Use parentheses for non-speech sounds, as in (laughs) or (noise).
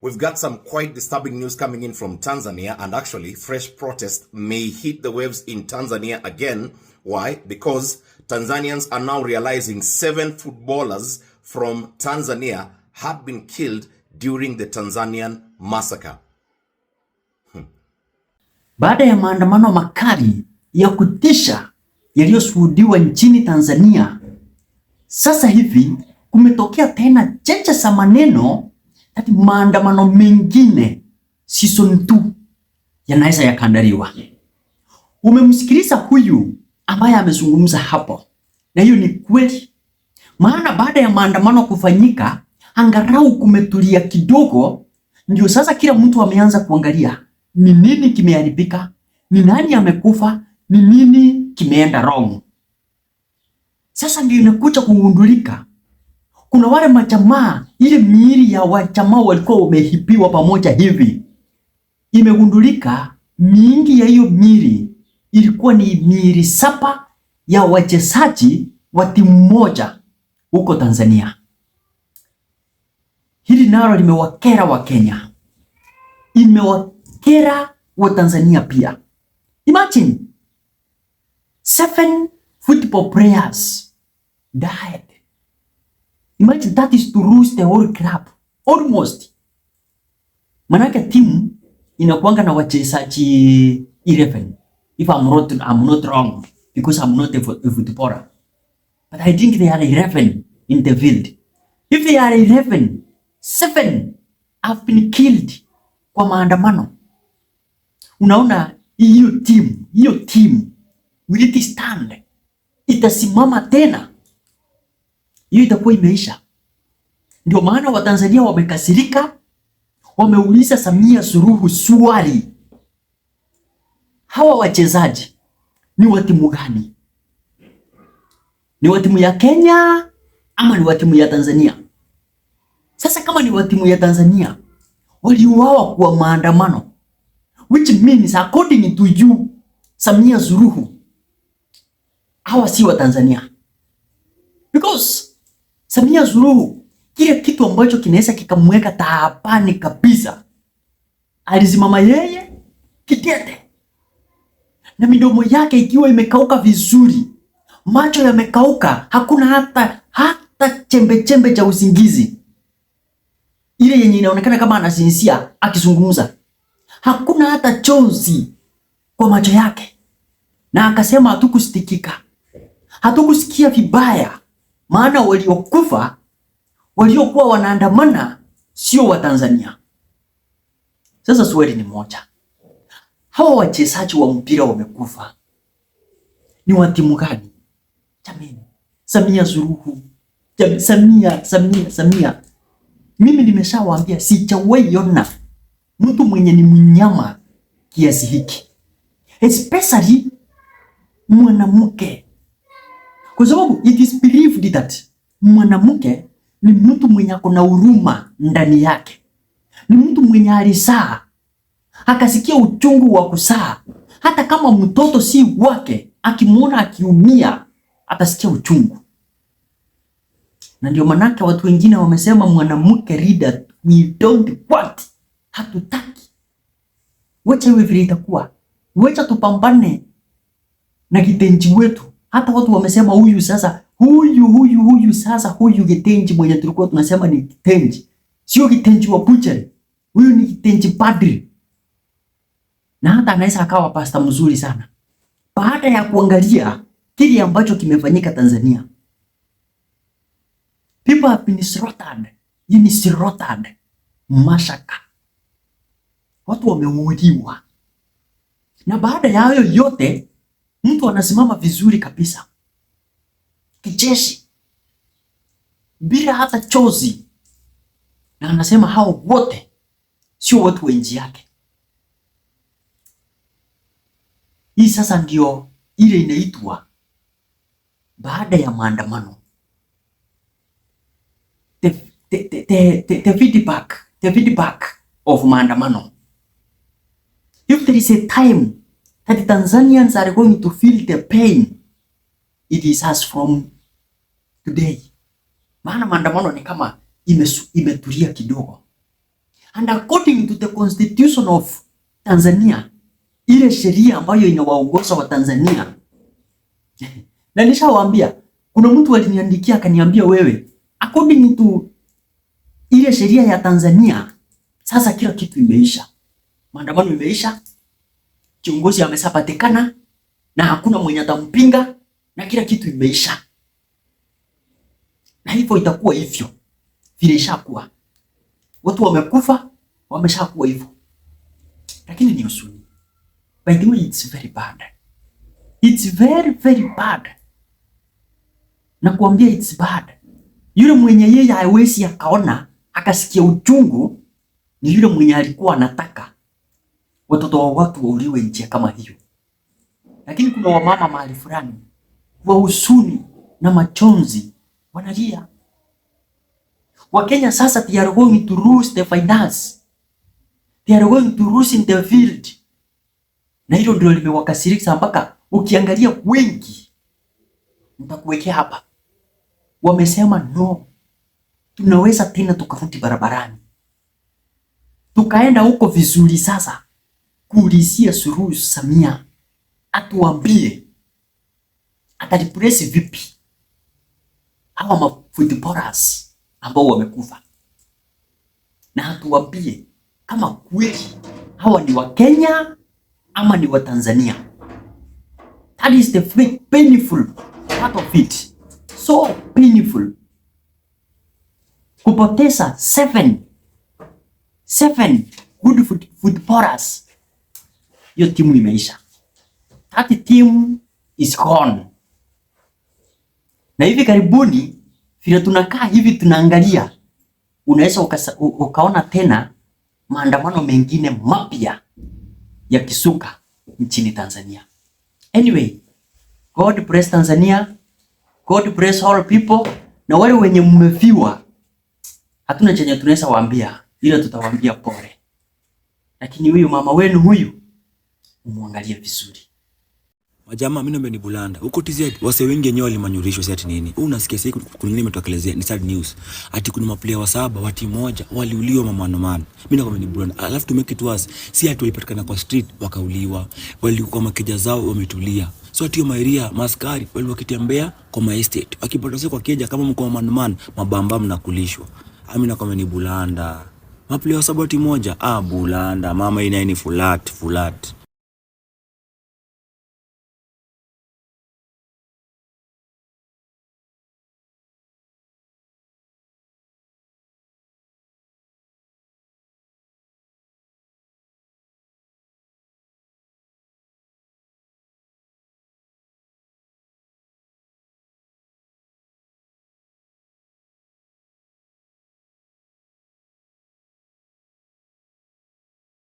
We've got some quite disturbing news coming in from Tanzania, and actually, fresh protest may hit the waves in Tanzania again. Why? Because Tanzanians are now realizing seven footballers from Tanzania have been killed during the Tanzanian massacre. Hmm. Baada ya maandamano makali ya kutisha yaliyoshuhudiwa nchini Tanzania, sasa hivi kumetokea tena cheche za maneno Ati maandamano mengine season 2 yanaweza yakandaliwa. Umemsikiliza huyu ambaye amezungumza hapo, na hiyo ni kweli, maana baada ya maandamano kufanyika angarau kumetulia kidogo, ndio sasa kila mtu ameanza kuangalia ni nini kimeharibika, ni nani amekufa, ni nini kimeenda wrong. Sasa ndio inakuja kugundulika kuna wale majamaa, ile miili ya wajamaa walikuwa wamehipiwa pamoja hivi, imegundulika mingi ya hiyo miili ilikuwa ni miili saba ya wachezaji wa timu moja huko Tanzania. Hili nalo limewakera wa kenya imewakera wa tanzania pia. Imagine seven football players died Imagine that is to lose the whole club almost. Manake timu inakuanga na wachezaji 11 if I'm not, I'm not wrong because I'm not a, a footballer but I think they are 11 in the field. If they are 11, seven have been killed kwa maandamano. Unaona hiyo timu hiyo timu will it stand? Itasimama tena? hiyo itakuwa imeisha. Ndio maana Watanzania wamekasirika, wameuliza Samia Suluhu swali, hawa wachezaji ni wa timu gani? Ni wa timu ya Kenya ama ni wa timu ya Tanzania? Sasa kama ni wa timu ya Tanzania, waliuawa kwa maandamano, which means according to you Samia Suluhu hawa si wa Tanzania because Samia Suluhu, kile kitu ambacho kinaweza kikamweka taabani kabisa, alisimama yeye kitete na midomo yake ikiwa imekauka vizuri, macho yamekauka, hakuna hata hata chembe chembe cha usingizi, ile yenye inaonekana kama anasinzia akizungumza, hakuna hata chozi kwa macho yake, na akasema hatukustikika, hatukusikia vibaya maana waliokufa waliokuwa wanaandamana sio wa tanzania Sasa swali ni moja, hawa wachezaji wa mpira wamekufa ni wa timu gani? Jamani, Samia Suluhu, Samia, Samia, Samia. Mimi nimeshawaambia sijawahi ona mtu mwenye ni mnyama kiasi hiki, especially mwanamke kwa sababu it is believed that mwanamke ni mtu mwenye akona huruma ndani yake, ni mtu mwenye alisaa akasikia uchungu wa kusaa. Hata kama mtoto si wake, akimwona akiumia atasikia uchungu, na ndio manake watu wengine wamesema mwanamke reader, we don't want, hatutaki. Wacha hivi vile itakuwa, wacha tupambane na kitenji wetu hata watu wamesema huyu sasa, huyu huyu huyu sasa, huyu kitenji mwenye tulikuwa tunasema ni kitenji, sio kitenji wa buchari, huyu ni kitenji padri, na hata anaweza akawa pasta mzuri sana, baada ya kuangalia kile ambacho kimefanyika Tanzania. People have been slaughtered in slaughtered mashaka, watu wameuliwa, na baada ya hayo yote mtu anasimama vizuri kabisa kijeshi bila hata chozi, na anasema hao wote sio watu wa nchi yake. Hii sasa ndio ile inaitwa baada ya maandamano the, the, the, the, the, feedback, the feedback of maandamano if there is a time that Tanzanians are going to feel the pain it is us from today. Maana maandamano ni kama imeturia kidogo, and according to the constitution of Tanzania, ile sheria ambayo inawaongoza wa Tanzania (laughs) na nishawaambia, kuna mtu aliniandikia akaniambia, wewe according to ile sheria ya Tanzania, sasa kila kitu imeisha, maandamano imeisha kiongozi amesapatikana na hakuna mwenye atampinga na kila kitu imeisha, na hivyo itakuwa hivyo vile ishakuwa, watu wamekufa wameshakuwa hivyo, lakini ni usuni. By the way, it's very bad, it's very very bad. Na kuambia it's bad. Yule mwenye yeye hawezi akaona akasikia uchungu ni yule mwenye alikuwa anataka watoto wa watu wauliwe njia kama hiyo. Lakini kuna wamama mahali fulani wa husuni na machozi wanalia. Wakenya sasa they are going to lose the finance. They are going to lose in the field. Na hilo ndio limewakasirisha mpaka ukiangalia wengi, nitakuwekea hapa, wamesema no, tunaweza tena tukarudi barabarani tukaenda huko vizuri sasa kuulizia Suluhu Samia atuambie atalipresi vipi hawa mafundi ambao wamekufa, na atuambie kama kweli hawa ni wa Kenya ama ni wa Tanzania. That is the very painful part of it, so painful kupoteza seven, seven good footballers food hiyo timu imeisha, that team is gone. Na hivi karibuni vile tunakaa hivi tunaangalia, unaweza ukaona tena maandamano mengine mapya ya kisuka nchini Tanzania. Anyway, God bless Tanzania, God bless all people. Na wale wenye mmefiwa, hatuna chenye tunaweza waambia, ila tutawaambia pole, lakini huyu mama wenu huyu umwangalie vizuri. Majamaa mimi naomba ni bulanda. Huko TZ wase wengi wenyewe walimanyurishwa sasa nini? Wewe unasikia sasa kuna nini imetokelezea? Ni sad news. Ati kuna maplayer wa saba wa timu moja waliuliwa mamano man. Mimi naomba ni bulanda. Alafu to make it worse, si ati walipatikana kwa street wakauliwa. Walikuwa makeja zao wametulia. So ati maeria maskari wali wakitembea kwa my estate. Akipata kwa keja kama mko mamano man, mabamba mnakulishwa. Mimi naomba ni bulanda. Maplayer wa saba wa timu moja, ah bulanda. Mama inaini fulat fulat.